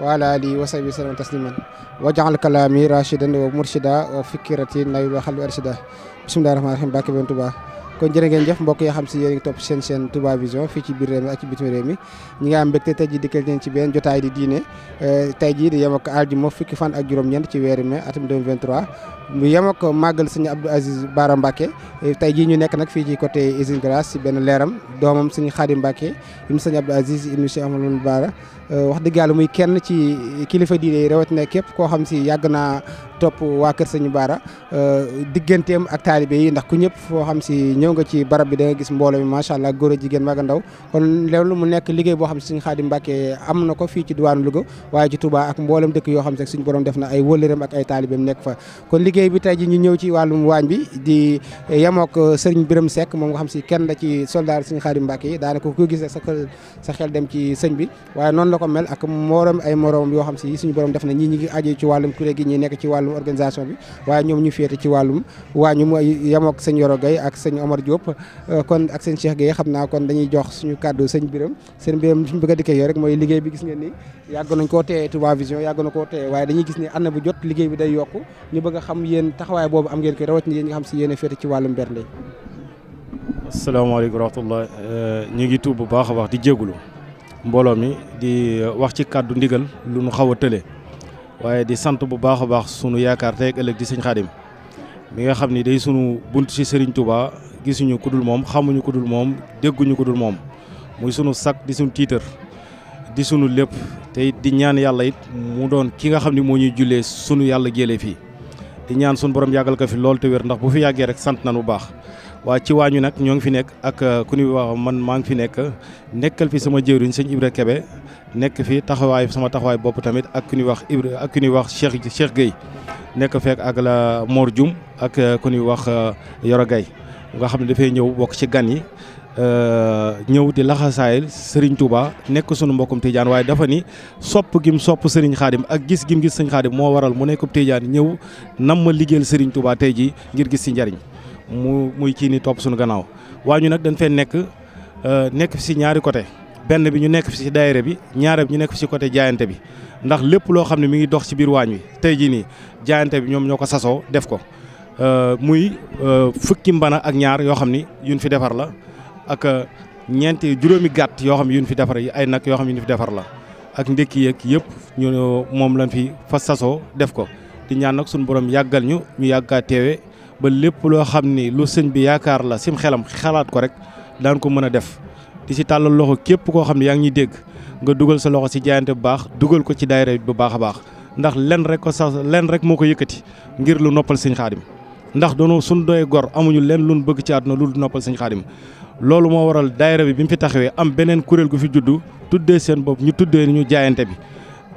wa ala alihi wa sahbihi sallam tasliman wajaal kalami rashidan wa murshida wa fikirati nawi wa xalbi arshida bismillahi rahmani rahim bàkke ben Touba kon jërë ngeen jëf mbokk yi xam si yéen ngi topp seen seen Touba Vision fii ci biir réew mi ak ci mi ñi nga am mbégte ji dikkal leen ci benn jotaay di diine euh, tey ji di yem ak aljuma fukki fan ak juróom-ñeent ci weeru mai atum 2023 bu yem ak màggal sëñ Abdou Aziz Bara Mbacke tey jii ñu nekk nag fii ci côté usine glace benn leeram doomam sëñ Xaadim Mbacke ibnu sëñ Abdou Aziz ibnu Cheikh Amadou Bara wax dëgg yàlla muy kenn ci kilifa diine yi rawatina képp koo xam si yàgg naa topp waa kër sëñ Bara digganteem ak taalibe yi ndax ñëpp foo xam si ñëw nga ci barab bi da gis mbooloo mi macha allah góor a jigéen mag ndaw kon loolu mu nekk liggéey boo xam si sëñ Xaadim Mbacke am na ko fii ci diwaanu Louga waaye ci Touba ak mboolem dëkk yoo xam si suñu borom def na ay wëllëram ak ay taalibeem nekk fa kon liggéey bi tey ñu ñëw ci wàllum waañ bi di eh, yemook eh, sëriñ Birame Seck moom nga xam si kenn da ci soldaar sëriñ Xaadim Mbàkke yi daanaka ko gis rek sa xel xel dem ci sëñ bi waaye noonu la ko mel ak moroom ay moroom yoo xam si suñu borom def na ñii ñi ngi ci wàllum kuréel gi nekk ci wàllum organisation bi waaye ñoom ñu féete ci wàllum waañu mooy yemook sëñ Yoro Gaye ak sëñ Omar Diop eh, kon ak sëñ Cheikh xam naa kon dañuy jox suñu kàddu sëñ Birame sëñ Birame suñu bëgg a dikkee yoo rek mooy liggéey bi gis ngeen ni yàgg nañ koo téye Touba Vision yàgg na koo téye waaye dañuy gis ne année bu jot liggéey bi day yokku ñu bëgg xam yéen taxawaay boobu am ngeen koy rawatina yéen nga xam si yéen a féete ci wàllum bernde. asalaamaaleykum eh, ñu ngi tuub bu baax a baax di jégalu mbooloo mi di eh, wax ci kàddu ndigal lu nu xaw a tële waaye di sant bu baax a baax sunu yaakaar tey ëllëg di sëñ Xaadim mi nga xam ni day sunu bunt ci sëriñ Touba gisuñu ku dul moom xamuñu ku dul moom dégguñu ku dul moom muy sunu sakk di sunu tiitër di sunu lépp te di ñaan yàlla it mu doon ki nga xam ni moo ñuy jullee sunu yàlla jëlee fii. di ñaan suñu borom yàggal ko fi lool te wér ndax bu fi yàggee rek sant na bu baax waa ci waañu nag ñoo ngi fi nekk ak euh, ku ñuy wax man maa ngi fi nekk nekkal fi sama jëwriñ sëñ Ibra Kebe nekk fi taxawaay sama taxawaay bopp tamit ak ku ñuy wax Ibra ak ku ñuy wax Cheikh Cheikh Gueye nekk fekk ak la Mor Dioum ak euh, ku ñuy wax euh, Yoro Gueye nga xam ne dafay ñëw bokk ci gan yi Euh, ñëw di laxasaay sëriñ Touba nekk sunu mbokkum Tidiane waaye dafa ni sopp gim sopp Serigne Khadim ak gis gim gis Serigne Khadim moo waral mu nekkub Tidiane ñëw nam ma liggéeyal Serigne Touba tey ji ngir gis si njariñ mu muy kii ni topp sunu gannaaw waaye ñu nag dañ fee nekk euh, nekk fi si ñaari côté benn bi ñu nekk fi si daayira bi ñaare bi ñu nekk fi si côté jaayante bi ndax lépp loo xam ne mi ngi dox ci biir waañ wi tey jii nii jaayante bi ñoom ñoo ko sasoo def ko euh, muy fukki mbana ak ñaar yoo xam ni yuñ fi defar la ak euh, ñeenti juróomi gàtt yoo xam yu ñu fi defar ay nag yoo xam yu ñu fi defar la ak ndékki yeeg yëpp ñu moom lañu fi fa sasoo def ko di ñaan nag suñu borom yàggal ñu ñu yàggaateewe ba lépp loo xam ni lu sëñ bi yaakaar la sim xelam xalaat ko rek daan ko mën a def di si tàllal loxo képp koo xam ne yaa ngi ñuy dégg nga dugal sa loxo si jaayante bu baax dugal ko ci daayira bi bu baax a baax ndax lenn rek ko sas lenn rek moo ko yëkkati ngir lu noppal sëñ Xaadim ndax doonu suñ doy gor amuñu leen luñ bëgg ci àdduna lu noppal sëñ xaadim loolu moo waral daayira bi bi mu fi taxawee am beneen kuréel gu fi juddu tuddee seen bopp ñu tuddee ñu jaayante bi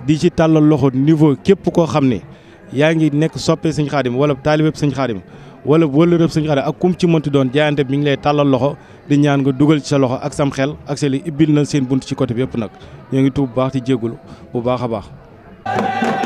di ci tàllal loxo niveau képp koo xam ne yaa ngi nekk soppee sëñ xaadim wala taalibeb sëñ xaadim wala wëllëreeb sëñ xaadim ak kum ci mënti doon jaayante bi mi ngi lay tàllal loxo di ñaan nga dugal ci sa loxo ak sam xel ak sa li ibbil na seen bunt ci côté bi nag ñoo ngi tuub bu baax di jéggul bu baax a baax